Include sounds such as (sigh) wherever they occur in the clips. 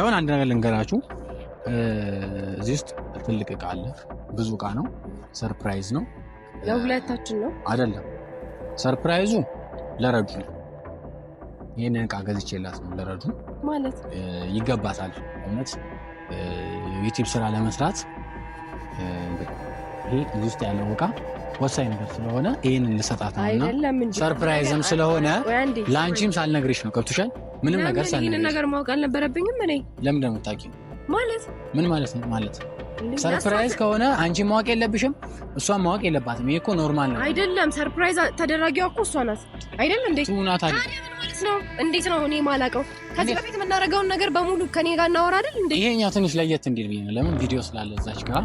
አሁን አንድ ነገር ልንገራችሁ። እዚህ ውስጥ ትልቅ እቃ አለ። ብዙ እቃ ነው። ሰርፕራይዝ ነው። ለሁለታችን ነው አይደለም። ሰርፕራይዙ ለረዱ ነው። ይህንን እቃ ገዝቼላት ነው። ለረዱ ማለት ይገባታል። እውነት ዩቲብ ስራ ለመስራት ይሄ እዚህ ውስጥ ያለው እቃ ወሳኝ ነገር ስለሆነ ይህንን ልሰጣት ነው ሰርፕራይዝም ስለሆነ ለአንቺም ሳልነግርሽ ነው። ገብቶሻል? ምንም ነገር ሳን ይሄን ነገር ማወቅ አልነበረብኝም። እኔ ለምን ነው የምታውቂው? ማለት ምን ማለት ነው? ማለት ሰርፕራይዝ ከሆነ አንቺ ማወቅ የለብሽም፣ እሷን ማወቅ የለባትም። ይሄ እኮ ኖርማል ነው አይደለም? ሰርፕራይዝ ተደራጊዋ እኮ እሷ ናት አይደል? እንዴት ናት? እንዴት ነው እኔ ማላውቀው ከዚህ በፊት የምናደርገውን ነገር በሙሉ ከኔ ጋር እናወራ አይደል እንዴ? ይሄኛው ትንሽ ለየት እንዲል ነው። ለምን ቪዲዮ ስላለ እዛች ጋር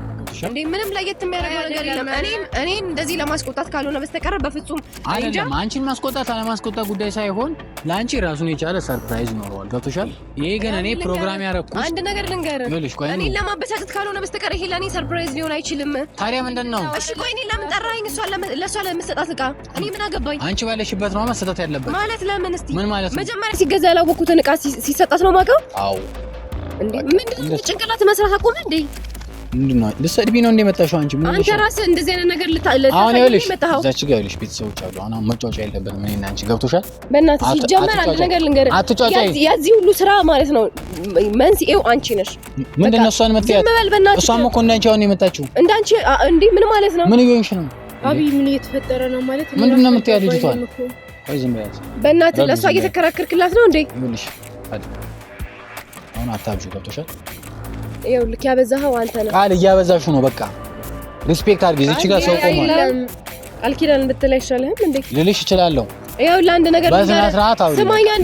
እንዴ፣ ምንም ለየት የሚያደርገው ነገር የለም። እኔም እኔ እንደዚህ ለማስቆጣት ካልሆነ በስተቀር በፍጹም አይደለም። አንቺን ማስቆጣት አለማስቆጣት ጉዳይ ሳይሆን ለአንቺ ራሱን የቻለ ሰርፕራይዝ ኖረዋል። ገብቶሻል። ይሄ ግን እኔ ፕሮግራም ያደረኩት አንድ ነገር ልንገርህ፣ እኔን ለማበሳጨት ካልሆነ በስተቀር ይሄ ለእኔ ሰርፕራይዝ ሊሆን አይችልም። ታዲያ ምንድን ነው? እሺ ቆይ እኔን ለምን ጠራኸኝ? ለእሷ ለምሰጣት እቃ እኔ ምን አገባኝ? አንቺ ባለሽበት ነው መሰጠት ያለበት ማለት ለምን? እስኪ ምን ማለት ነው መጀመሪያ ሲገዛ ያላወቅኩትን እቃ ሲሰጣት ነው ማቀው። አዎ እንዴ ምንድነው ጭንቅላት መስራት አቆመ እንዴ? ምንድነው ልትሰድቢ ነው እንዴ መጣሽው? አንቺ ምን አንተ ራስህ እንደዚህ አይነት ነገር ልታለታ አሁን ይኸውልሽ፣ እዛች ጋር ይኸውልሽ ቤተሰቦች አሉ። አሁን መጫወቻ የለብንም ምን እና አንቺ ገብቶሻል። በእናትህ ሲጀመር አንድ ነገር ልንገርህ፣ የዚህ ሁሉ ስራ ማለት ነው መንስኤው አንቺ ነሽ። ምንድነው እሷን መጥያት? ምን በልበናት? እሷም እኮ እንዳንቺ አሁን የመጣችው እንዳንቺ እንዴ። ምን ማለት ነው? ምን እየሆንሽ ነው? አቢ ምን እየተፈጠረ ነው ማለት ነው? ምንድነው የምትያት ልጅቷን? አይ ዝም በያት በእናትህ። ለእሷ እየተከራከርክላት ነው እንዴ? ይኸውልሽ አልፈልግም። አሁን አታብዥ፣ ገብቶሻል? ይኸው ልክ ያበዛኸው አንተ ነህ። ቃል እያበዛሹ ነው። በቃ ሪስፔክት አድርጊ። እዚች ጋር ሰው ቆሟል። ቃል ኪዳን እንድትል አይሻልህም እንዴ? ልልሽ እችላለሁ። ይኸው ለአንድ ነገር በስነ ስርዓት አውሪ።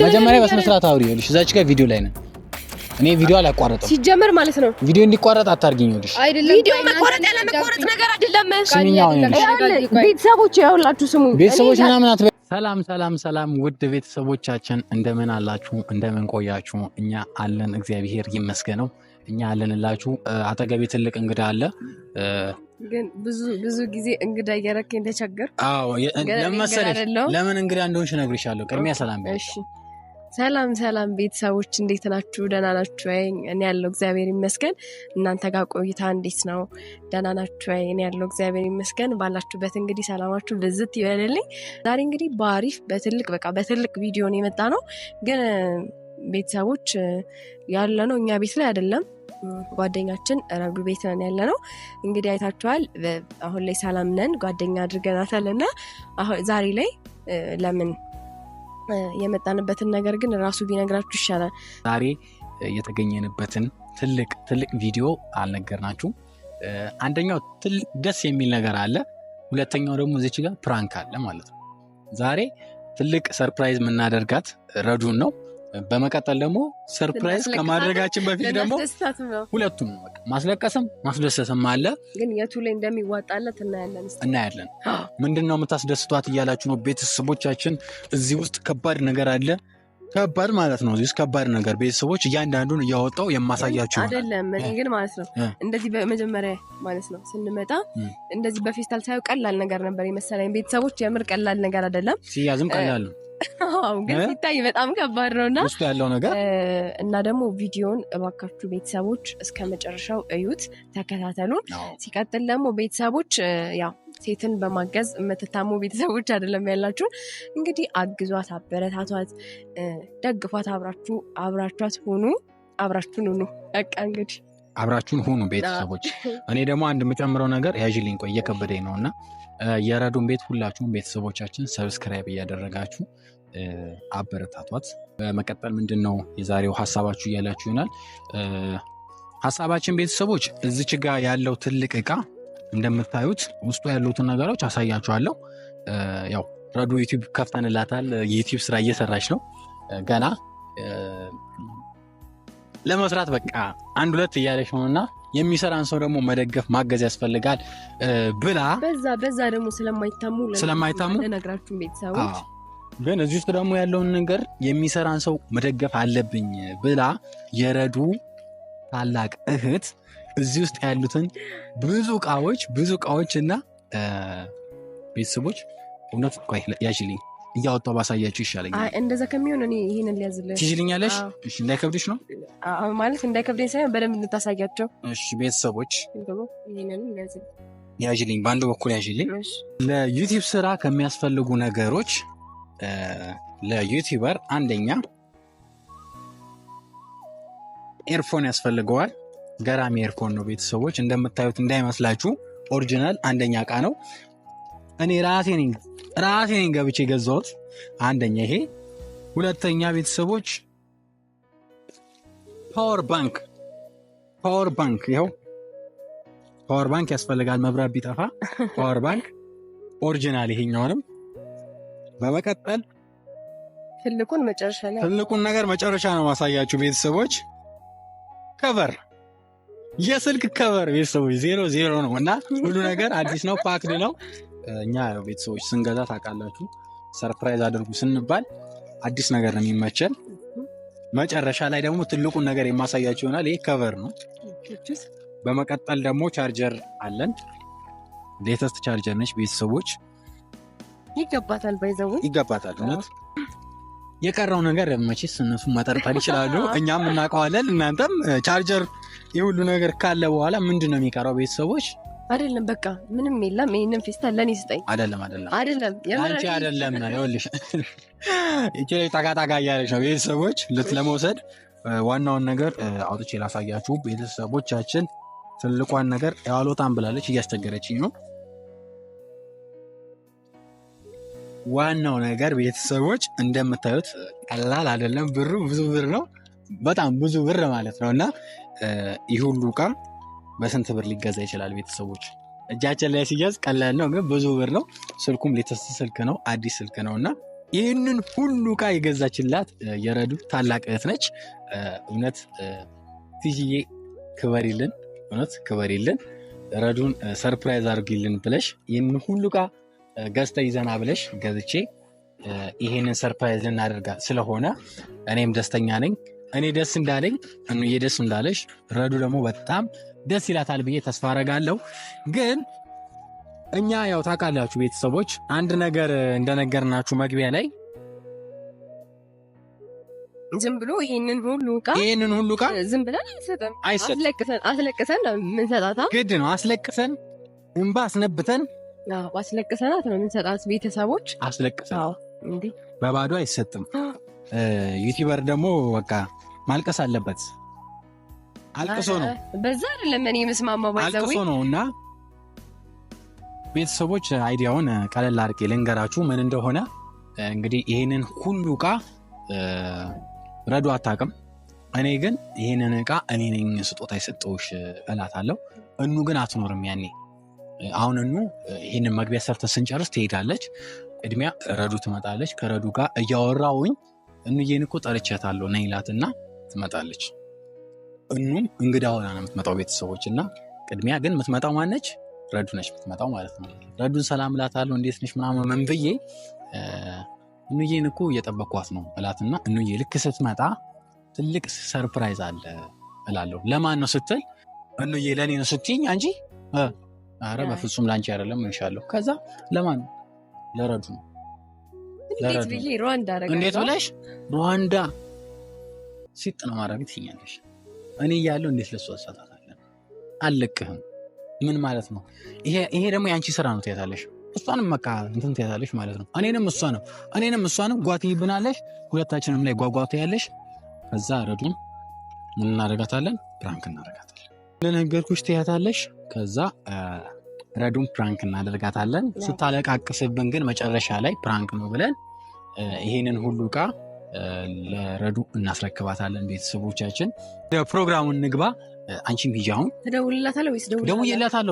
መጀመሪያ በስነ ስርዓት አውሪ። ይኸውልሽ እዛች ጋር ቪዲዮ ላይ ነን። እኔ ቪዲዮ አላቋረጥም ሲጀመር ማለት ነው። ቪዲዮ እንዲቋረጥ አታርጊኝ። ይኸውልሽ አይደለም ቪዲዮ መቆረጥ ያለ መቆረጥ ነገር አይደለም። ስሚኝ፣ ቤተሰቦች ያውላችሁ ስሙ፣ ቤተሰቦች ምናምን ሰላም ሰላም ሰላም ውድ ቤተሰቦቻችን እንደምን አላችሁ? እንደምን ቆያችሁ? እኛ አለን፣ እግዚአብሔር ይመስገነው። እኛ አለንላችሁ። አጠገቤ ትልቅ እንግዳ አለ። ግን ብዙ ብዙ ጊዜ እንግዳ እያረክ ተቸገርኩ። ለምን መሰለሽ? ለምን እንግዳ እንደሆንሽ እነግርሻለሁ። ቅድሚያ ሰላም ሰላም ሰላም ቤተሰቦች እንዴት ናችሁ? ደህና ናችሁ ወይ? እኔ ያለው እግዚአብሔር ይመስገን። እናንተ ጋር ቆይታ እንዴት ነው? ደህና ናችሁ ወይ? እኔ ያለው እግዚአብሔር ይመስገን። ባላችሁበት እንግዲህ ሰላማችሁ ብዝት ይበልልኝ። ዛሬ እንግዲህ በአሪፍ በትልቅ በቃ በትልቅ ቪዲዮ ነው የመጣ ነው። ግን ቤተሰቦች ያለ ነው እኛ ቤት ላይ አይደለም ጓደኛችን ረዱ ቤት ነን ያለ ነው። እንግዲህ አይታችኋል። አሁን ላይ ሰላም ነን ጓደኛ አድርገናታል እና ዛሬ ላይ ለምን የመጣንበትን ነገር ግን ራሱ ቢነግራችሁ ይሻላል። ዛሬ የተገኘንበትን ትልቅ ትልቅ ቪዲዮ አልነገርናችሁም። አንደኛው ትልቅ ደስ የሚል ነገር አለ። ሁለተኛው ደግሞ እዚች ጋር ፕራንክ አለ ማለት ነው። ዛሬ ትልቅ ሰርፕራይዝ የምናደርጋት ረዱን ነው። በመቀጠል ደግሞ ሰርፕራይዝ ከማድረጋችን በፊት ደግሞ ሁለቱም ማስለቀስም ማስደሰስም አለ። ግን የቱ ላይ እንደሚዋጣለት እናያለን እናያለን። ምንድን ነው የምታስደስቷት እያላችሁ ነው ቤተሰቦቻችን። እዚህ ውስጥ ከባድ ነገር አለ። ከባድ ማለት ነው። እዚህ ውስጥ ከባድ ነገር ቤተሰቦች፣ እያንዳንዱን እያወጣው የማሳያቸው አይደለም። እኔ ግን ማለት ነው እንደዚህ በመጀመሪያ ማለት ነው ስንመጣ እንደዚህ በፌስታል ሳየው ቀላል ነገር ነበር የመሰለኝ። ቤተሰቦች የምር ቀላል ነገር አይደለም። ሲያዝም ቀላል ነው ግን ሲታይ በጣም ከባድ ነው እና ውስጡ ያለው ነገር እና ደግሞ ቪዲዮን እባካችሁ ቤተሰቦች እስከ መጨረሻው እዩት፣ ተከታተሉን። ሲቀጥል ደግሞ ቤተሰቦች ያው ሴትን በማገዝ የምትታሙ ቤተሰቦች አይደለም ያላችሁን፣ እንግዲህ አግዟት፣ አበረታቷት፣ ደግፏት፣ አብራችሁ አብራችኋት ሁኑ፣ አብራችሁን ሁኑ። በቃ እንግዲህ አብራችሁን ሁኑ ቤተሰቦች። (laughs) እኔ ደግሞ አንድ የምጨምረው ነገር ያዥልኝ ቆይ እየከበደኝ ነው እና የረዱን ቤት ሁላችሁም ቤተሰቦቻችን ሰብስክራይብ እያደረጋችሁ አበረታቷት። በመቀጠል ምንድን ነው የዛሬው ሀሳባችሁ እያላችሁ ይሆናል። ሀሳባችን ቤተሰቦች፣ እዚች ጋ ያለው ትልቅ እቃ እንደምታዩት ውስጡ ያሉትን ነገሮች አሳያችኋለሁ። ያው ረዱ ዩቲዩብ ከፍተንላታል። የዩቲዩብ ስራ እየሰራች ነው ገና ለመስራት በቃ አንድ ሁለት እያለች ነው እና የሚሰራን ሰው ደግሞ መደገፍ ማገዝ ያስፈልጋል ብላ በዛ በዛ ደግሞ ስለማይታሙ ስለማይታሙ ነግራችሁ ቤተሰቦች ግን እዚህ ውስጥ ደግሞ ያለውን ነገር የሚሰራን ሰው መደገፍ አለብኝ ብላ የረዱ ታላቅ እህት እዚህ ውስጥ ያሉትን ብዙ እቃዎች ብዙ እቃዎች እና ቤተሰቦች እውነት ያችልኝ እያወጣው ባሳያችሁ ይሻለኛል። እንደዛ ከሚሆን እኔ ይህንን ሊያዝልን ትችልኛለሽ? እንዳይከብድሽ ነው ማለት እንዳይከብደኝ ሳይሆን በደንብ እንታሳያቸው። ቤተሰቦች ያዥልኝ፣ በአንድ በኩል ያዥልኝ። ለዩቲዩብ ስራ ከሚያስፈልጉ ነገሮች ለዩቲዩበር አንደኛ ኤርፎን ያስፈልገዋል። ገራሚ ኤርፎን ነው ቤተሰቦች፣ እንደምታዩት እንዳይመስላችሁ ኦሪጂናል አንደኛ እቃ ነው። እኔ ራሴ ነኝ ገብቼ የገዛሁት አንደኛ ይሄ። ሁለተኛ ቤተሰቦች ፓወር ባንክ ፓወር ባንክ ይኸው ፓወር ባንክ ያስፈልጋል። መብራት ቢጠፋ ፓወር ባንክ ኦሪጂናል ይሄኛውንም በመቀጠል ትልቁን መጨረሻ ላይ ትልቁን ነገር መጨረሻ ነው ማሳያችሁ ቤተሰቦች። ከቨር የስልክ ከቨር ቤተሰቦች ዜሮ ዜሮ ነው እና ሁሉ ነገር አዲስ ነው፣ ፓክድ ነው። እኛ ቤተሰቦች ስንገዛ ታውቃላችሁ፣ ሰርፕራይዝ አድርጉ ስንባል አዲስ ነገር ነው የሚመቸል መጨረሻ ላይ ደግሞ ትልቁን ነገር የማሳያቸው ይሆናል። ይህ ከቨር ነው። በመቀጠል ደግሞ ቻርጀር አለን። ሌተስት ቻርጀር ነች ቤተሰቦች ይገባታል ባይዘው ይገባታል። እውነት (clears throat) የቀረው ነገር መቼስ እነሱ መጠርጠር ይችላሉ፣ (laughs) እኛም እናውቀዋለን። እናንተም ቻርጀር የሁሉ ነገር ካለ በኋላ ምንድን ነው የሚቀረው? ቤተሰቦች አይደለም፣ በቃ ምንም የለም። ይህንን ፌስታል ለእኔ ስጠኝ። አይደለም፣ አይደለም፣ አይደለም፣ አንቺ አይደለም። ይኸውልሽ (laughs) (laughs) ይቺ ላይ ጠጋጣጋ እያለች ነው። ቤተሰቦች ልት ለመውሰድ ዋናውን ነገር አውጥቼ ላሳያችሁ። ቤተሰቦቻችን ትልቋን ነገር ያሎጣን ብላለች፣ እያስቸገረችኝ ነው ዋናው ነገር ቤተሰቦች እንደምታዩት ቀላል አይደለም። ብሩ ብዙ ብር ነው፣ በጣም ብዙ ብር ማለት ነው። እና ይህ ሁሉ እቃ በስንት ብር ሊገዛ ይችላል? ቤተሰቦች እጃችን ላይ ሲያዝ ቀላል ነው፣ ግን ብዙ ብር ነው። ስልኩም ሌተስ ስልክ ነው፣ አዲስ ስልክ ነው። እና ይህንን ሁሉ እቃ የገዛችላት የረዱ ታላቅ እህት ነች። እውነት ትዬ ክበሪልን፣ እውነት ክበሪልን፣ ረዱን ሰርፕራይዝ አድርጊልን ብለሽ ይህንን ሁሉ እቃ ገዝተ ይዘና ብለሽ ገዝቼ ይሄንን ሰርፕራይዝ ልናደርጋ ስለሆነ እኔም ደስተኛ ነኝ። እኔ ደስ እንዳለኝ እኑዬ ደስ እንዳለሽ፣ ረዱ ደግሞ በጣም ደስ ይላታል ብዬ ተስፋ አረጋለሁ። ግን እኛ ያው ታውቃላችሁ ቤተሰቦች አንድ ነገር እንደነገርናችሁ መግቢያ ላይ ዝም ብሎ ይህንን ሁሉ ዕቃ ይህንን ሁሉ ቃ ዝም ብለን አይሰጥም። አስለቅሰን አስለቅሰን ምንሰጣታ ግድ ነው አስለቅሰን እንባ አስነብተን አስለቅሰናት ነው የምንሰጣት። ቤተሰቦች አስለቅሰናት እንዴ፣ በባዶ አይሰጥም። ዩቲበር ደግሞ በቃ ማልቀስ አለበት። አልቅሶ ነው በዛ አይደለም እኔ የምስማማው አልቅሶ ነው። እና ቤተሰቦች አይዲያውን ቀለል አድርጌ ልንገራችሁ ምን እንደሆነ እንግዲህ ይህንን ሁሉ እቃ ረዱ አታውቅም። እኔ ግን ይህንን እቃ እኔ ነኝ ስጦታ የሰጠሁሽ እላታለሁ። እኑ ግን አትኖርም ያኔ አሁንኑ ይህንን መግቢያ ሰርተ ስንጨርስ ትሄዳለች። ቅድሚያ ረዱ ትመጣለች። ከረዱ ጋር እያወራውኝ እንዬን እኮ ጠርቻታለሁ ነይላት እላትና ትመጣለች። እኑም እንግዳ ሆና ነው የምትመጣው ቤተሰቦች እና ቅድሚያ ግን የምትመጣው ማነች? ረዱ ነች የምትመጣው ማለት ነው። ረዱን ሰላም እላታለሁ እንዴት ነች ምናምን ምን ብዬ እንዬን እኮ እየጠበኳት ነው እላትና እንዬ ልክ ስትመጣ ትልቅ ሰርፕራይዝ አለ እላለሁ። ለማን ነው ስትል እንዬ ለእኔ ነው ስትይኝ አንቺ አረ በፍጹም ላንቺ አይደለም እንሻለሁ። ከዛ ለማን ለረዱ እንዴት ብለሽ ሩዋንዳ ሲጥ ነው ማድረግ ትኛለሽ። እኔ እያለሁ እንዴት ለሱ አሰጣታለን። አልለቅህም። ምን ማለት ነው ይሄ? ደግሞ የአንቺ ስራ ነው ትያታለሽ። እሷንም መቃ እንትን ትያታለሽ ማለት ነው። እኔንም እሷንም እኔንም እሷንም ጓት ይብናለሽ። ሁለታችንም ላይ ጓጓት ያለሽ። ከዛ ረዱን ምን እናደርጋታለን? ፕራንክ እናደርጋታለን። ለነገርኩሽ ትያታለሽ። ከዛ ረዱን ፕራንክ እናደርጋታለን። ስታለቃቅስብን ግን መጨረሻ ላይ ፕራንክ ነው ብለን ይሄንን ሁሉ እቃ ለረዱ እናስረክባታለን። ቤተሰቦቻችን ፕሮግራሙን ንግባ። አንቺም ሂጂ አሁን። እደውልላታለሁ ወይስ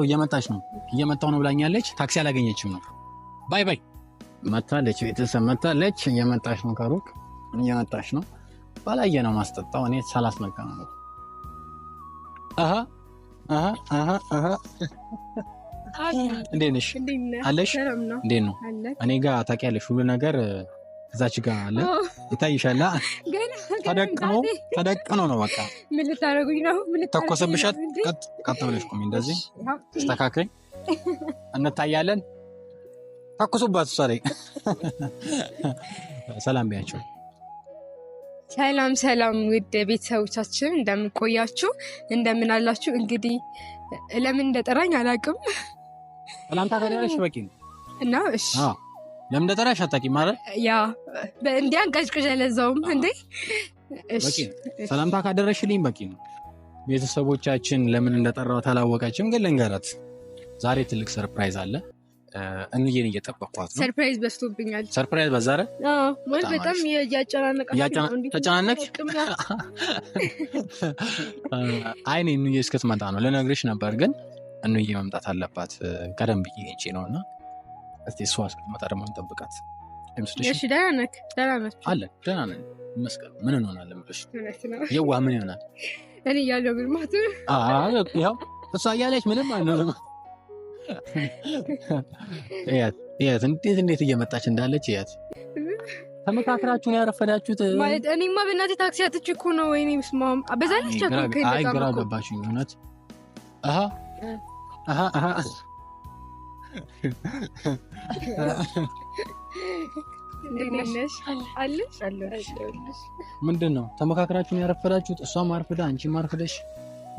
እየመጣች ነው እየመጣው ነው ብላኛለች። ታክሲ አላገኘችም ነው። ባይ ባይ። መታለች፣ ቤተሰብ መታለች። እየመጣች ነው፣ ከሩቅ እየመጣች ነው። ባላየ ነው ማስጠጣው እኔ ሳላስመቀ ነው እንዴት ነሽ? አለሽ? እንዴት ነው? እኔ ጋ ታውቂያለሽ፣ ሁሉ ነገር እዛች ጋ አለ ይታይሻላ። ተደቅኖ ተደቅኖ ነው በቃ። ምን ልታደርጉኝ ነው? ተኮሰብሻት። ቀጥ ብለሽ ቁሚ፣ እንደዚህ ተስተካክለኝ፣ እንታያለን። ተኩሱባት። እሷ ላይ (laughs) ሰላም ቢያቸው ሰላም ሰላም ውድ ቤተሰቦቻችን እንደምንቆያችሁ እንደምን አላችሁ? እንግዲህ ለምን እንደጠራኝ አላውቅም። ሰላምታ ከሌለሽ በቂ ነው እና እሺ፣ ለምን እንደጠራሽ አታውቂም ማለት ያ እንዲህ አንቀጭቅጭ ለዛውም እንዴ። እሺ፣ ሰላምታ ካደረሽልኝ በቂ ነው። ቤተሰቦቻችን ለምን እንደጠራው አላወቀችም፣ ግን ልንገራት፣ ዛሬ ትልቅ ሰርፕራይዝ አለ። እንዬን እየጠበኳት ነው። ሰርፕራይዝ በስቶብኛል። ሰርፕራይዝ በዛ አይደል? ማለት በጣም እያጨናነቀተጨናነቅ አይኔ እንዬ እስክትመጣ ነው ልነግርሽ ነበር፣ ግን እንዬ መምጣት አለባት። ቀደም ብዬ ሄጄ ነው እና እስኪ እሷ እስክትመጣ ደግሞ እንጠብቃት። እሺ ደህና ነህ? ደህና ናችሁ? አለን ደህና ነን ይመስገን። ምን እንሆናለን ብለሽ የዋ ምን ይሆናል? እኔ እያለሁ ግልማት ያው እሷ እያለች ምንም አንሆንም እያት እንዴት እንዴት እየመጣች እንዳለች እያት። ተመካክራችሁን ያረፈዳችሁት ማለት እኔማ በእናቴ ታክሲ አትች እኮ ነው። ወይኔ ስማም በዛ አይ ግራ ገባችኝ እውነት። ምንድን ነው ተመካክራችሁን ያረፈዳችሁት? እሷም አርፍዳ አንቺም አርፍደሽ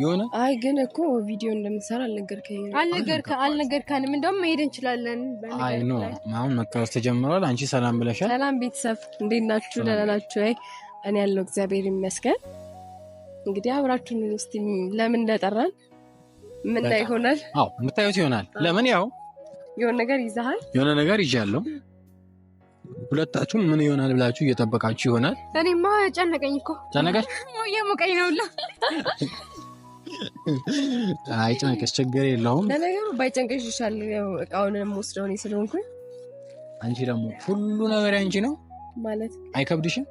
የሆነ አይ ግን እኮ ቪዲዮ እንደምትሰራ አልነገርከኝም። አልነገርከንም። እንደውም መሄድ እንችላለን። አይ ኖ አሁን መካወስ ተጀምሯል። አንቺ ሰላም ብለሻል። ሰላም ቤተሰብ እንዴት ናችሁ? ደህና ናችሁ? አይ እኔ ያለው እግዚአብሔር ይመስገን። እንግዲህ አብራችሁን እስቲ ለምን እንደጠራን ምን ላይ ይሆናል? አዎ የምታዩት ይሆናል። ለምን ያው የሆነ ነገር ይዛሃል፣ የሆነ ነገር ይዣለሁ። ሁለታችሁም ምን ይሆናል ብላችሁ እየጠበቃችሁ ይሆናል። እኔማ ጨነቀኝ እኮ ጨነቀኝ፣ እየሞቀኝ ነው ሁላ (laughs) አይጨነቅሽ፣ ችግር የለውም። ለነገሩ ባይጨንቅሽ ይሻል፣ እቃውን እቃውንም ወስደውን ስለሆንኩኝ። አንቺ ደግሞ ሁሉ ነገር አንቺ ነው ማለት አይከብድሽም?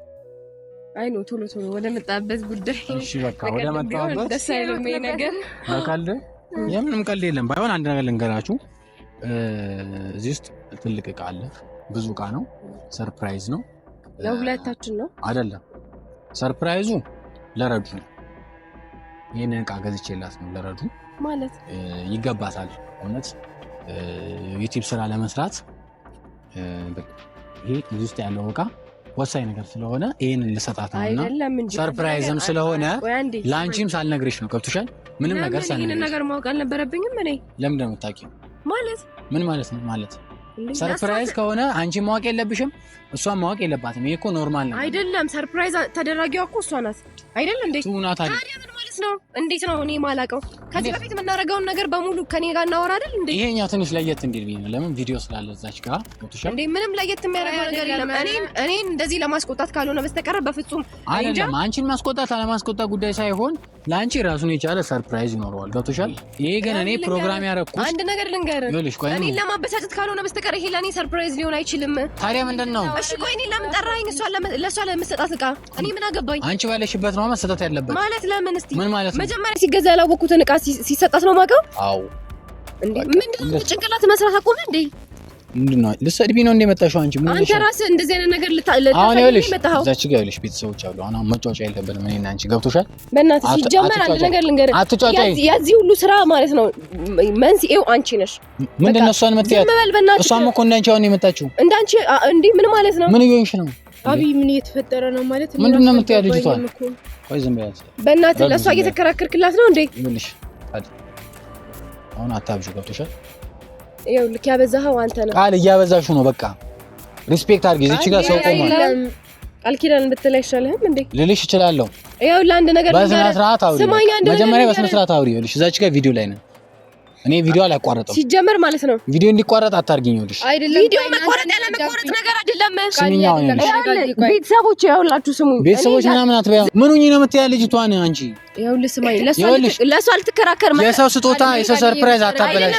አይ ነው ቶሎ ቶሎ ወደ መጣበት ጉዳይ። እሺ በቃ ወደ መጣበት ደስ አይልም ይሄ ነገር። በቀልድ የምንም ቀልድ የለም። ባይሆን አንድ ነገር ልንገራችሁ፣ እዚህ ውስጥ ትልቅ እቃ አለ። ብዙ እቃ ነው። ሰርፕራይዝ ነው። ለሁለታችን ነው አይደለም? ሰርፕራይዙ ለረዱ ነው ይህንን እቃ ገዝቼላት ነው ለረዱ ማለት ይገባታል። እውነት ዩቲብ ስራ ለመስራት ይሄ እዚህ ውስጥ ያለው እቃ ወሳኝ ነገር ስለሆነ ይህንን ልሰጣት ነውና ሰርፕራይዝም ስለሆነ ለአንቺም ሳልነግርሽ ነው። ገብቶሻል? ምንም ነገር ሳይሆን ነገር ማወቅ አልነበረብኝም። እኔ ነው እንደምታውቂው ማለት ምን ማለት ነው ማለት ሰርፕራይዝ ከሆነ አንቺ ማወቅ የለብሽም፣ እሷን ማወቅ የለባትም። ይሄ እኮ ኖርማል ነው አይደለም? ሰርፕራይዝ ተደራጊዋ እኮ እሷ ናት አይደል? እንዴ ናት ነው። እንዴት ነው እኔ ማላውቀው? ከዚህ በፊት የምናደርገውን ነገር በሙሉ ከኔ ጋር እናወራ አይደል እንዴ? ይሄኛው ትንሽ ለየት እንዲል ብዬ ነው። ለምን ቪዲዮ ስላለ እዛች ጋር ሞትሻል እንዴ? ምንም ለየት የሚያደርገው ነገር የለም። እኔ እንደዚህ ለማስቆጣት ካልሆነ በስተቀር በፍጹም አይደለም። አንቺን ማስቆጣት አለማስቆጣት ጉዳይ ሳይሆን ለአንቺ ራሱን የቻለ ሰርፕራይዝ ይኖረዋል። ገብቶሻል። ይሄ ግን እኔ ፕሮግራም ያደረኩት አንድ ነገር ልንገርህ፣ እኔን ለማበሳጨት ካልሆነ በስተቀር ይሄ ለእኔ ሰርፕራይዝ ሊሆን አይችልም። ታዲያ ምንድን ነው? እሺ ቆይ እኔን ለምን ጠራኸኝ? ለእሷ ለምሰጣት እቃ እኔ ምን አገባኝ? አንቺ ባለሽበት ነው መሰጠት ያለበት ማለት ለምን እስኪ ምን ማለት ነው? መጀመሪያ ሲገዛ ያላወቅኩትን እቃ ሲሰጣት ነው የማውቀው። አዎ እንዴ ምንድን ነው ጭንቅላት መስራት አቆመ እንዴ? ምንድነው? ነው ልትሰድቢ ነው እንደ መጣሽው? አንቺ ምን አንተ ራስህ እንደዚህ አይነት ነገር አሁን ይኸውልሽ፣ እዛች ጋር ይኸውልሽ ቤተሰቦች አሉ። አና መጫወጫ የለብንም እኔ እና አንቺ ገብቶሻል። በእናትህ ሲጀመር አንድ ነገር ልንገርህ፣ የዚህ ሁሉ ስራ ማለት ነው መንስኤው አንቺ ነሽ። ምንድነው? ነው እሷን መትያት? እሷም እኮ እንዳንቺ አሁን የመጣችው እንዳንቺ እንዴ ምን ማለት ነው? ምን እየሆንሽ ነው? አብይ ምን እየተፈጠረ ነው ማለት ምንድን ነው የምትያት ልጅቷን? ቆይ ዝም ብያት። በእናትህ ለእሷ እየተከራከርክላት ነው እንዴ? ይኸውልሽ አሁን አታብዥው፣ ገብቶሻል? ይኸውልህ ያበዛኸው አንተ ነው። ቃል እያበዛሽው ነው። በቃ ሪስፔክት አድርጊ። እዚህ ጋር ሰው ቆሟል። ቃል ኪዳን ብትል አይሻልህም እንዴ? ልልሽ እችላለሁ። ይኸውልህ አንድ ነገር በስነ ስርዓት አውሪ። መጀመሪያ በስነ ስርዓት አውሪ። ይኸውልሽ እዛች ጋር ቪዲዮ ላይ ነን እኔ ቪዲዮ አላቋረጥም ሲጀመር ማለት ነው። ቪዲዮ እንዲቋረጥ አታርጊኝ። ይኸውልሽ አይደለም ቪዲዮ መቋረጥ ያለ መቋረጥ ነገር አይደለም። ስሚኛው ቤተሰቦች ያውላችሁ ስሙኝ። ቤተሰቦች ምናምን አትበያም። ምኑኝ ነው ልጅቷን አንቺ ይኸውልህ ለእሱ የሰው ስጦታ የሰው ሰርፕራይዝ አታበላሽ።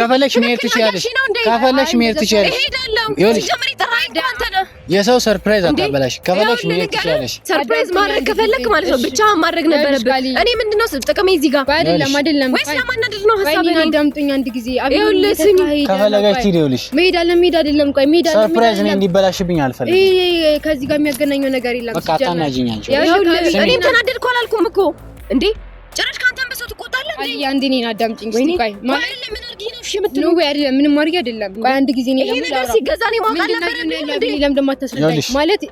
ከፈለግሽ መሄድ ትችያለሽ፣ ከፈለግሽ መሄድ ትችያለሽ። የሰው ሰርፕራይዝ አታበላሽ። ከፈለግሽ መሄድ ትችያለሽ። ሰርፕራይዝ ማድረግ ከፈለግህ ማለት ነው ማድረግ ነበረብህ። እኔ ምንድን ነው ጥቅሜ እዚህ ጋር? አይደለም አይደለም። ወይስ ለማናደድ ነው አዳምጡኝ አንድ ጊዜ። ይኸውልህ ስሚ፣ ይኸውልሽ መሄድ አለ መሄድ አይደለም። ቆይ መሄድ አለ። ሰርፕራይዝ እኔ እንዲበላሽብኝ አልፈልግም። ከዚህ ጋር የሚያገናኘው ነገር የለም። በቃ አንቺ። ተናደድኩ አላልኩም እኮ እንዴ ጭራሽ ከአንተም በሰው ትቆጣለህ እንዴ? አልያ አንዴ እኔን አዳምጪኝ እስኪ። ቆይ ማለት አይደለም ምን ነው እሺ ነው ወይ አይደለም ምንም አድርጊ አይደለም። ቆይ አንድ ጊዜ ነው ለምን ነገር ሲገዛ ነው ማውቃት ነበር እንዴ? ለምን ደግሞ አታስረዳኝ ማለት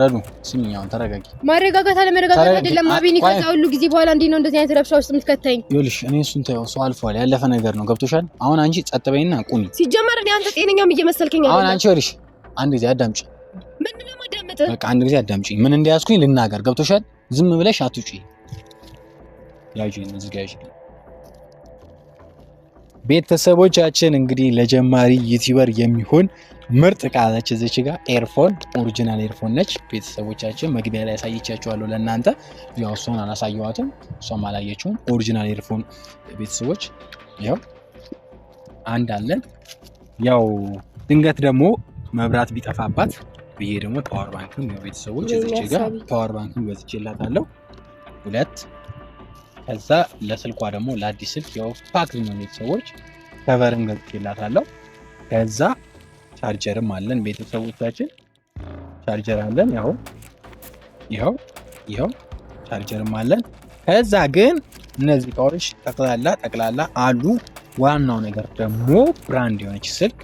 ረዱ ስሚኝ፣ አሁን ተረጋጊ። ማረጋጋት አለመረጋጋት አይደለም አቤኔ። ከዛ ሁሉ ጊዜ በኋላ እንዴት ነው እንደዚህ አይነት ረብሻ ውስጥ የምትከተኝ? ይኸውልሽ እኔ እሱን ተይው፣ ሰው አልፏል፣ ያለፈ ነገር ነው። ገብቶሻል? አሁን አንቺ ጸጥ በይና ቁሚ። ሲጀመር እኔ አንተ ጤነኛም እየመሰልከኝ አይደለም። አሁን አንቺ ይኸውልሽ፣ አንድ ጊዜ አዳምጪኝ። ምንድን ነው የማዳምጥህ? በቃ አንድ ጊዜ አዳምጪኝ። ምን እንደያዝኩኝ ልናገር። ገብቶሻል? ዝም ብለሽ አትውጪ። ያዥ እዚህ ቤተሰቦቻችን እንግዲህ ለጀማሪ ዩቲዩበር የሚሆን ምርጥ ቃለች እዚች ጋር ኤርፎን ኦሪጂናል ኤርፎን ነች። ቤተሰቦቻችን መግቢያ ላይ ያሳየቻችኋለሁ ለእናንተ ያው እሷን አላሳየዋትም እሷም አላየችውም። ኦሪጂናል ኤርፎን ቤተሰቦች ያው አንድ አለን። ያው ድንገት ደግሞ መብራት ቢጠፋባት ብዬ ደግሞ ፓወር ባንክም ቤተሰቦች እዚች ጋር ፓወር ባንክም ገዝቼላታለሁ ሁለት። ከዛ ለስልኳ ደግሞ ለአዲስ ስልክ ያው ፓክ ነው ቤተሰቦች፣ ከቨርም ገዝቼላታለሁ። ከዛ ቻርጀርም አለን ቤተሰቦቻችን፣ ቻርጀር አለን። ያው ይኸው ይኸው ቻርጀርም አለን። ከዛ ግን እነዚህ እቃዎች ጠቅላላ ጠቅላላ አሉ። ዋናው ነገር ደግሞ ብራንድ የሆነች ስልክ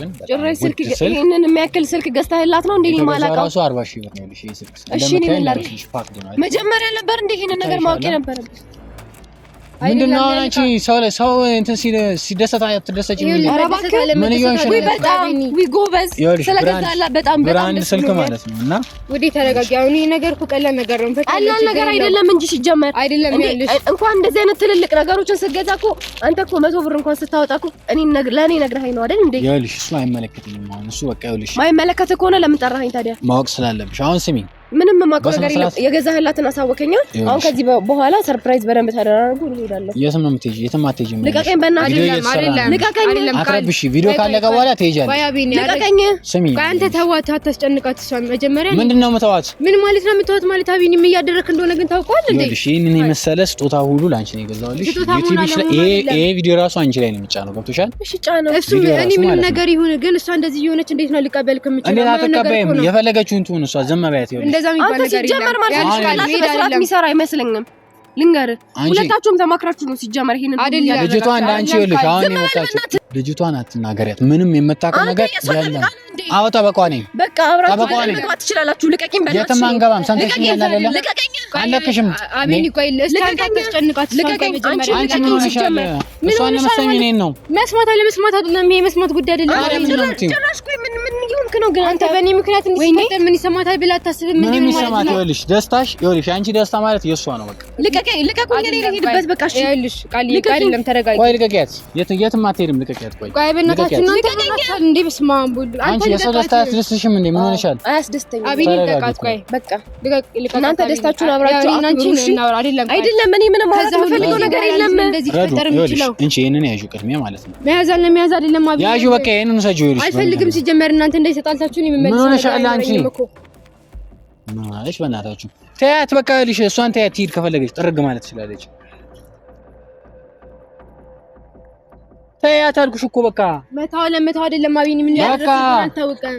ግን ጭራሽ ስልክ ይሄንን የሚያክል ስልክ ገዝተህላት ነው እንዴ? ማላቀው ራሱ 40 ሺህ ብር ነው። እሺ ምን መጀመሪያ ነበር እንደ ይሄንን ነገር ማወቅ የነበረብህ ምንድነው ነው አንቺ ሰው ላይ ሰው እንትን ሲደሰት አትደሰች? ምን ይሆንሽ? ጎበዝ ስለገዛላ በጣም ብራንድ ስልክ ማለት ነው። እና ውዴ ተረጋጊ። አሁን ይሄ ነገር እኮ ቀላል ነገር ነው፣ ቀላል ነገር አይደለም እንጂ ሲጀመር አይደለም ያለሽ። እንኳን እንደዚህ አይነት ትልልቅ ነገሮችን ስትገዛ እኮ አንተ እኮ መቶ ብር እንኳን ስታወጣ እኮ እኔ ነገር ለኔ ነግረኸኝ ነው አይደል እንዴ? ይኸውልሽ፣ እሱ አይመለከትኝም። አሁን እሱ በቃ ይኸውልሽ፣ ማይመለከት ከሆነ ለምን ጠራኸኝ ታዲያ? ማወቅ ስላለብሽ አሁን ስሚ ምንም የማውቀው ነገር የለም። የገዛህላትን አሳወከኛ። አሁን ከዚህ በኋላ ሰርፕራይዝ በደንብ ተደራርጉ። እሄዳለሁ። የትም ነው የምትሄጂው? የትም አትሄጂም። ልቀቀኝ፣ በእናትህ ልቀቀኝ። አትረብሽ። ቪዲዮ ካለቀ በኋላ ትሄጃለሽ። ልቀቀኝ። ስሚ፣ አንተ ተዋት፣ አታስጨንቃት። እሷን መጀመሪያ ምንድን ነው የምተዋት? ምን ማለት ነው የምተዋት ማለት? አቢን ምን እያደረክ እንደሆነ ግን ታውቀዋለህ እንዴ? እሺ፣ ይሄንን የመሰለ ስጦታ ሁሉ ላንቺ ነው የገዛሁልሽ። ይሄ ቪዲዮ ራሱ አንቺ ላይ ነው የሚጫነው። ገብቶሻል? እሺ፣ ጫነው እሱ። እኔ ምንም ነገር ይሁን ግን እሷ እንደዚህ እየሆነች እንዴት ነው ልቀበል ከምችለው? እንዴት አትቀበይም? የፈለገችውን ትሁን እሷ፣ ዘመባያት ይሆን እንደዛ የሚባል ነገር ሲጀመር ማለት የሚሰራ አይመስለኝም። ልንገር ሁለታችሁም ተማክራችሁ ነው ሲጀመር። ይሄን ልጅቷ እንደ አንቺ ይኸውልሽ፣ አሁን የመጣችው ልጅቷን አትናገሪያት። ምንም የመታቀው ነገር የለም። አዎ ጠበቃዋ ነኝ። በቃ አብራችሁ ልትመጣ ትችላላችሁ። ልቀቂኝ፣ በእናትሽ የትም አንገባም። ሰምተሽኝ አይደለ? ልቀቂኝ። አለቅሽም። አሜን። ቆይ ልታስጨንቃት ነው መስማት አለ መስማት አለመስማት፣ ይሄ መስማት ጉዳይ አይደለም። ጭራሽ ቆይ ምን ምን ይሁን ግን አንተ በእኔ ምክንያት እንዲሰጠን ምን ይሰማታል ብላ አታስብም። ምን ይሰማታል? ይኸውልሽ ደስታሽ፣ ይኸውልሽ አንቺ ደስታ ማለት የእሷ ነው። በቃ ልቀቀኝ፣ ልቀቁኝ፣ እኔ ልሄድበት። በቃ እሺ፣ ይኸውልሽ ቃል አይደለም። ተረጋጊ። ቆይ ልቀቂያት፣ የትም አትሄድም። ልቀቂያት። ቆይ ቆይ፣ በእናታችሁ እናንተ ልቀቂያት እንዴ! በስመ አብ ወልድ። አንቺ የሰው ደስታ አያስደስትሽም እንዴ? ምን ሆነሻል? አያስደስተኝም። አቤኔ ልቀቃት። ቆይ በቃ ልቀቅ። እናንተ ደስታችሁን አብራችሁ አክብሩ። እሺ፣ አይደለም እኔ ምንም ማለት ነገር የለም። እንቺ ይሄንን ያዡ ቅድሚያ ማለት ነው። መያዝ አለ መያዝ አይደለም። አቤኔ ያዡ በቃ ይሄንን ሰጂው ይልሽ አልፈልግም። ሲጀመር እናንተ እንዳይሰጣል ሁለታችሁን የምመልሰው ምን ተያት፣ በቃ ልሽ እሷን ተያት፣ ትሂድ ከፈለገች ጥርግ ማለት ትችላለች። ተያት አልኩሽ እኮ በቃ መታው ለመታው አይደለም። አብይኝ ምን ያደረኩት አልታወቀም፣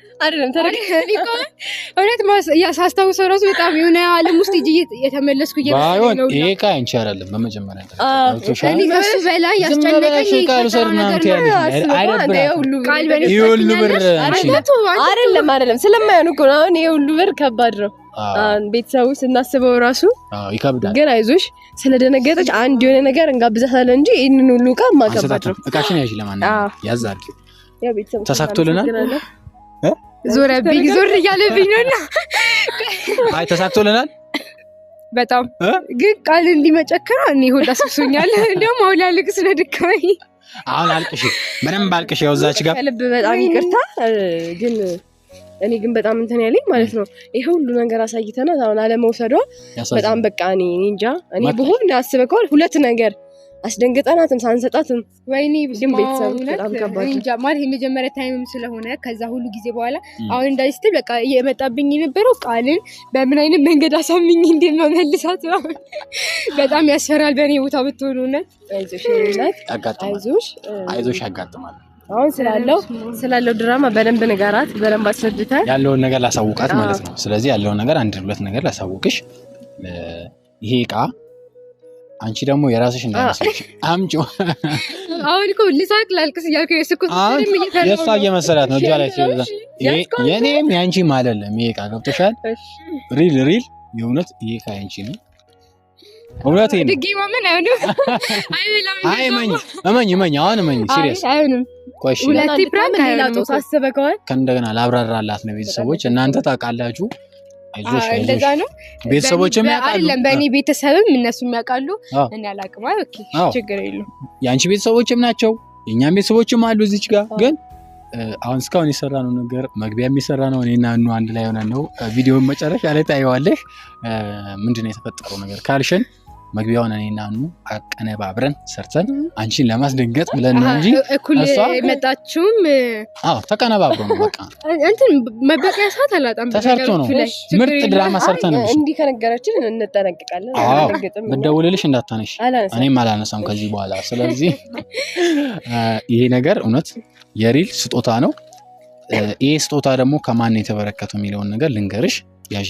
አይደለም ተረከ እውነት ሳስታውሰው ራሱ በጣም የሆነ ዓለም ውስጥ ሂጅ የተመለስኩ ይሄ ዕቃ አንቺ አይደለም። በመጀመሪያ አይደለም ስለማይሆን እኮ አሁን ይሄ ሁሉ ብር ከባድ ነው። ቤተሰቡ ስናስበው ራሱ ይከብዳል። ግን አይዞሽ ስለደነገጠች አንድ የሆነ ነገር እንጋብዛታለን እንጂ ይህንን ሁሉ ዕቃ ማከባድ ነው። ዕቃሽን ያዥ ለማንኛውም ያዝ አድርጊው። ተሳክቶልናል። ዞረብኝ፣ ዞር እያለብኝ ነውና፣ አይ ተሳክቶልናል። በጣም ግን ቃል እንዲመጨክረው እኔ ሆድ አስብሶኛል። (laughs) እንዲሁም አሁን ላለቅስ ነው ድካሜ። አሁን አልቅሽ፣ ምንም ባልቅሽ የወዛች ጋር ልብ በጣም ይቅርታ። ግን እኔ ግን በጣም እንትን ያለኝ ማለት ነው ይሄ ሁሉ ነገር አሳይተናት አሁን አለመውሰዷ በጣም በቃ እኔ እንጃ እኔ ብሆን አስበከዋል ሁለት ነገር አስደንግጠናትም ሳንሰጣትም ወይኔ ቤተሰብ በጣም ከባድ ማለት የመጀመሪያ ታይምም ስለሆነ ከዛ ሁሉ ጊዜ በኋላ አሁን እንዳይ ስትል በቃ የመጣብኝ የነበረው ቃልን በምን አይነት መንገድ አሳምኝ እንዴት መመልሳት በጣም ያስፈራል። በእኔ ቦታ ብትሆኑ አይዞሽ ያጋጥማል። አሁን ስላለው ስላለው ድራማ በደንብ ንገራት፣ በደንብ አስረድተን ያለውን ነገር ላሳውቃት ማለት ነው። ስለዚህ ያለውን ነገር አንድ ሁለት ነገር ላሳውቅሽ ይሄ እቃ አንቺ ደግሞ የራስሽ እንዳይመስለሽ አምጪው። አሁን እኮ ልሳቅ ላልቅስ እያልኩ የእሷ እየመሰላት ነው። እጇ ላይ የእኔም የአንቺም አይደለም ይሄ ዕቃ ገብቶሻል። ሪል ሪል የእውነት ይሄ ዕቃ የአንቺ ነው። እውነት (laughs) እመኝ እመኝ አሁን እመኝ ሲሪየስ ከእንደገና ላብራራላት ነው ቤተሰቦች እናንተ ታውቃላችሁ እንደዛ ነው። ቤተሰቦችም አይደለም በእኔ ቤተሰብም እነሱ የሚያውቃሉ እኔ አላቅም። ችግር የለም። የአንቺ ቤተሰቦችም ናቸው የእኛም ቤተሰቦችም አሉ እዚች ጋር ግን አሁን እስካሁን የሰራ ነው ነገር መግቢያ የሚሰራ ነው። እኔና እኑ አንድ ላይ ሆነ ነው። ቪዲዮን መጨረሻ ላይ ታየዋለህ። ምንድን ነው የተፈጠረው ነገር ካልሽን መግቢያውን እኔና ኑ አቀነባብረን ሰርተን አንቺን ለማስደንገጥ ብለን ነው እንጂ እሷ የመጣችሁም ተቀነባብሮ ነው። በቃ እንትን መበቂያ ሰዓት አላጣም ተሰርቶ ነው። ምርጥ ድራማ ሰርተን ነው። እንዲህ ከነገራችን እንጠነቅቃለን። ብደውልልሽ እንዳታነሽ፣ እኔም አላነሳም ከዚህ በኋላ። ስለዚህ (laughs) ይሄ ነገር እውነት የሪል ስጦታ ነው። ይሄ ስጦታ ደግሞ ከማን የተበረከተው የሚለውን ነገር ልንገርሽ ያዥ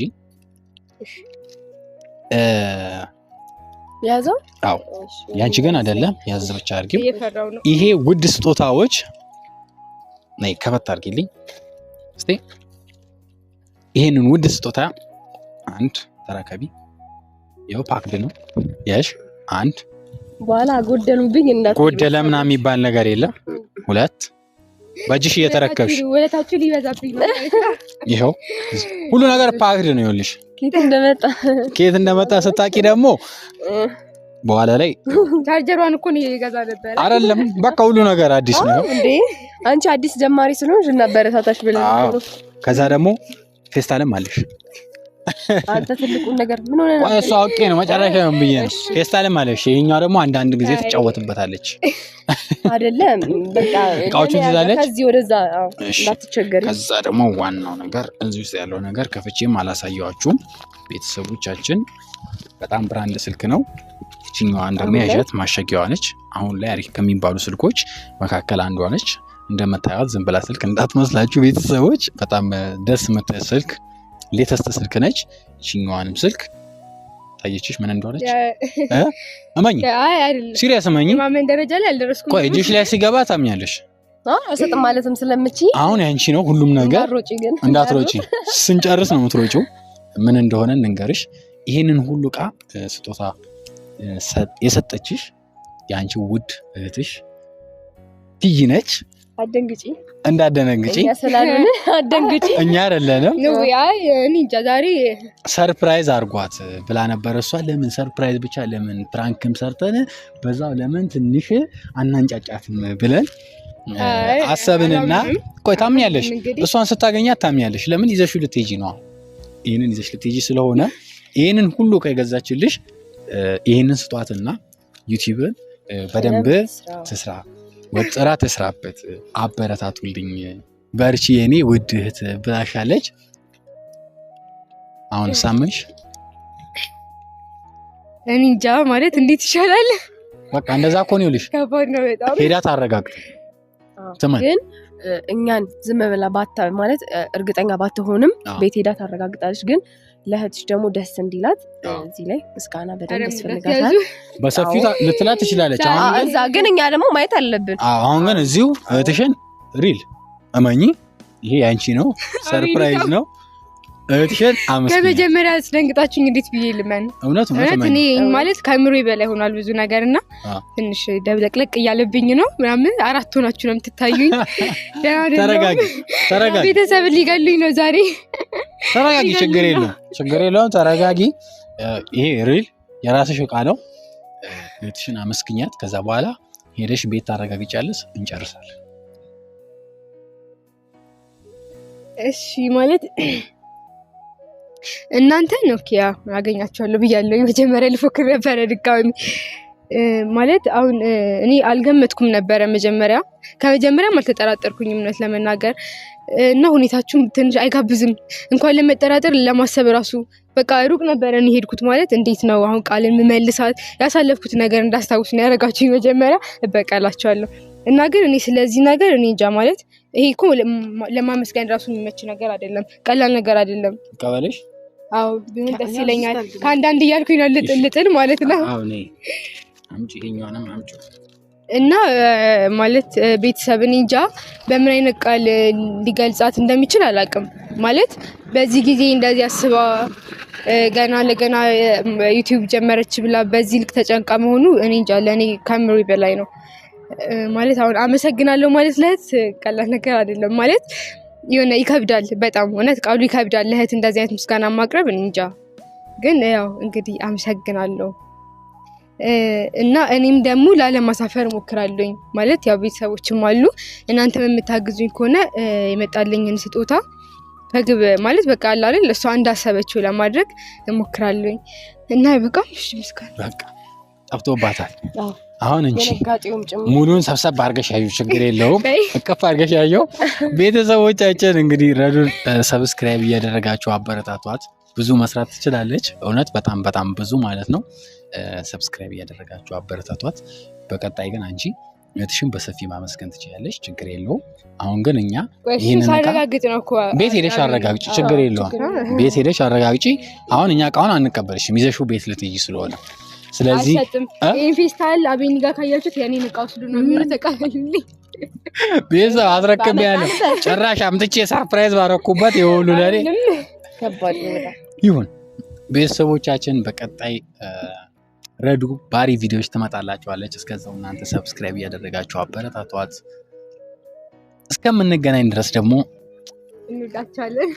ያዘው። አዎ ያንቺ ግን አይደለም፣ ያዝ ብቻ አድርጊው። ይሄ ውድ ስጦታዎች ነይ ከፈት አድርጊልኝ እስቲ። ይሄንን ውድ ስጦታ አንድ ተረከቢ። ይኸው ፓክድ ነው ያሽ አንድ በኋላ ጎደሉብኝ እና ጎደለ ምና የሚባል ነገር የለም። ሁለት በእጅሽ እየተረከብሽ ወለታችሁ ሊበዛብኝ ነው። ይኸው ሁሉ ነገር ፓክድ ነው። ይኸውልሽ ኬት እንደመጣ ስታቂ ደግሞ በኋላ ላይ ቻርጀሯን እኮ ነው ይገዛ ነበር። አይደለም በቃ ሁሉ ነገር አዲስ ነው እንዴ! አንቺ አዲስ ጀማሪ ስለሆንሽ እናበረታታሽ ብለን ከዛ ደግሞ ፌስታልም አለሽ አንተ ትልቁን ነገር ምን ሆነ ነው እሱ አውቄ ነው መጨረሻ ነው ብዬ ነው። ፌስታልም አለ። ይሄኛው ደግሞ አንዳንድ ጊዜ ትጫወትበታለች አይደለም? በቃ እቃዎቹን ትይዛለች ከዚህ ወደዛ ከዛ ደግሞ ዋናው ነገር እዚህ ውስጥ ያለው ነገር ከፍቼም አላሳየዋችሁም ቤተሰቦቻችን። በጣም ብራንድ ስልክ ነው። ይችኛዋ ደግሞ ያዣት ማሸጊያዋ ነች። አሁን ላይ አሪፍ ከሚባሉ ስልኮች መካከል አንዷ ነች። እንደምታያት ዝም ብላ ስልክ እንዳትመስላችሁ ቤተሰቦች። በጣም ደስ የምትል ስልክ ሌተስት ስልክ ነች። ይችኛዋንም ስልክ ታየችሽ ምን እንደሆነች እመኝ። ሲሪያስ እመኝ። ማመን ደረጃ ላይ አልደረስኩም። ቆይ እጅሽ ላይ ሲገባ ታምኛለሽ። እሰጥ ማለትም ስለምችይ አሁን ያንቺ ነው ሁሉም ነገር። እንዳትሮጪ ስንጨርስ ነው የምትሮጪው። ምን እንደሆነ እንንገርሽ። ይህንን ሁሉ እቃ ስጦታ የሰጠችሽ የአንቺ ውድ እህትሽ ትይነች ነች። አደንግጪ እንዳደነግጪ ስላልሆነ አደንግጪ እኛ አይደለንም። እኔ እንጃ ዛሬ ሰርፕራይዝ አርጓት ብላ ነበረ። እሷ ለምን ሰርፕራይዝ ብቻ ለምን ፕራንክም ሰርተን በዛው ለምን ትንሽ አናንጫጫትም ብለን አሰብንና፣ ቆይ ታምኛለሽ? እሷን ስታገኛት ታምኛለሽ? ለምን ይዘሽ ልትሄጂ ነው? ይህንን ይዘሽ ልትሄጂ ስለሆነ ይህንን ሁሉ ከገዛችልሽ ይህንን ስጧትና ዩቲዩብን በደንብ ትስራ። መጠራት እስራበት፣ አበረታቱልኝ፣ በርቺ የኔ ውድ እህት ብላሻለች። አሁን ሳመንሽ? እኔ እንጃ ማለት እንዴት ይሻላል? በቃ እንደዛ እኮ ነው በጣም ሄዳት አረጋግጥ ታረጋግጥ ግን እኛን ዝም ብላ ባታ ማለት እርግጠኛ ባትሆንም ቤት ሄዳት ታረጋግጣለች ግን ለእህትሽ ደግሞ ደስ እንዲላት እዚህ ላይ ምስጋና በደንብ ያስፈልጋታል። በሰፊው ልትላት ትችላለች። እዛ ግን እኛ ደግሞ ማየት አለብን። አሁን ግን እዚሁ እህትሽን ሪል እመኚ፣ ይሄ ያንቺ ነው፣ ሰርፕራይዝ ነው። እህትሽን ከመጀመሪያ አስደንግጣችሁ እንዴት ብዬ ልመን? እውነት እኔ ማለት ከምሮ በላይ ሆኗል ብዙ ነገር እና ትንሽ ደብለቅለቅ እያለብኝ ነው ምናምን። አራት ሆናችሁ ነው የምትታዩኝ። (laughs) ደህና ቤተሰብን ሊገሉኝ ነው ዛሬ ተረጋጊ፣ ችግር የለውም፣ ችግር የለውም። ተረጋጊ። ይሄ ሪል የራስሽ እቃ ነው። ቤትሽን አመስግኛት። ከዛ በኋላ ሄደሽ ቤት ታረጋግጫለሽ፣ እንጨርሳለን። እሺ ማለት እናንተን ኦኬ፣ ያው አገኛቸዋለሁ ብያለሁ። መጀመሪያ ልፎክር ነበረ ድጋሚ ማለት አሁን እኔ አልገመትኩም ነበረ መጀመሪያ ከመጀመሪያም አልተጠራጠርኩኝ እውነት ለመናገር እና ሁኔታችሁም ትንሽ አይጋብዝም እንኳን ለመጠራጠር ለማሰብ ራሱ በቃ ሩቅ ነበረ እኔ ማለት እንዴት ነው አሁን ቃልን ምመልሳት ያሳለፍኩት ነገር እንዳስታውስ ነው ያደረጋችሁኝ መጀመሪያ እበቀላቸዋለሁ እና ግን እኔ ስለዚህ ነገር እኔ እንጃ ማለት ይሄ እኮ ለማመስገን ራሱ የሚመች ነገር አይደለም ቀላል ነገር አይደለም ቀበለሽ አዎ ቢሆን ደስ ይለኛል ከአንዳንድ እያልኩኝ ነው ልጥልጥል ማለት ነው አምጪ ይሄኛዋንም አምጪ እና ማለት ቤተሰብን እንጃ በምን አይነት ቃል ሊገልጻት እንደሚችል አላውቅም። ማለት በዚህ ጊዜ እንደዚህ አስባ ገና ለገና ዩቲዩብ ጀመረች ብላ በዚህ ልክ ተጨንቃ መሆኑ እኔ እንጃ ለእኔ ከምሪ በላይ ነው። ማለት አሁን አመሰግናለሁ ማለት ለእህት ቀላል ነገር አይደለም። ማለት የሆነ ይከብዳል፣ በጣም እውነት ቃሉ ይከብዳል። ለእህት እንደዚህ አይነት ምስጋና ማቅረብ እንጃ። ግን ያው እንግዲህ አመሰግናለሁ እና እኔም ደግሞ ላለማሳፈር ሞክራለኝ። ማለት ያው ቤተሰቦችም አሉ እናንተም የምታግዙኝ ከሆነ የመጣለኝን ስጦታ ምግብ ማለት በቃ አለ አይደል እሷ እንዳሰበችው ለማድረግ እሞክራለኝ እና በቃም እሺ፣ ምስጋና በቃ ጠፍቶባታል። አሁን እንጂ ሙሉን ሰብሰብ አድርገሽ ያየው ችግር የለውም። እቅፍ አድርገሽ ያየው ቤተሰቦቻችን እንግዲህ ረዱን ሰብስክራይብ እያደረጋችሁ አበረታቷት። ብዙ መስራት ትችላለች። እውነት በጣም በጣም ብዙ ማለት ነው። ሰብስክራይብ እያደረጋችሁ አበረታቷት። በቀጣይ ግን አንቺ እህትሽን በሰፊ ማመስገን ትችላለች። ችግር የለውም። አሁን ግን እኛ ቤት ሄደሽ አረጋግጭ። ችግር የለውም። ቤት ሄደሽ አረጋግጪ። አሁን እኛ እቃውን አንቀበልሽም፣ ይዘሽው ቤት ልትይ ስለሆነ ስለዚህ ኢንፌስታል አቤኒ ጋር ካያችሁት የኔን እቃ ውስዱ ነው የሚሉት። እቃ ቤተሰብ አስረክብ ያለ ጭራሽ አምጥቼ ሰርፕራይዝ ባረኩበት የሁሉ ለኔ ከባድ ይሁን። ቤተሰቦቻችን በቀጣይ ረዱ ባሪ ቪዲዮዎች ትመጣላችኋለች። እስከዛው እናንተ ሰብስክራይብ እያደረጋችሁ አበረታቷት። እስከምንገናኝ ድረስ ደግሞ እንወዳችኋለን።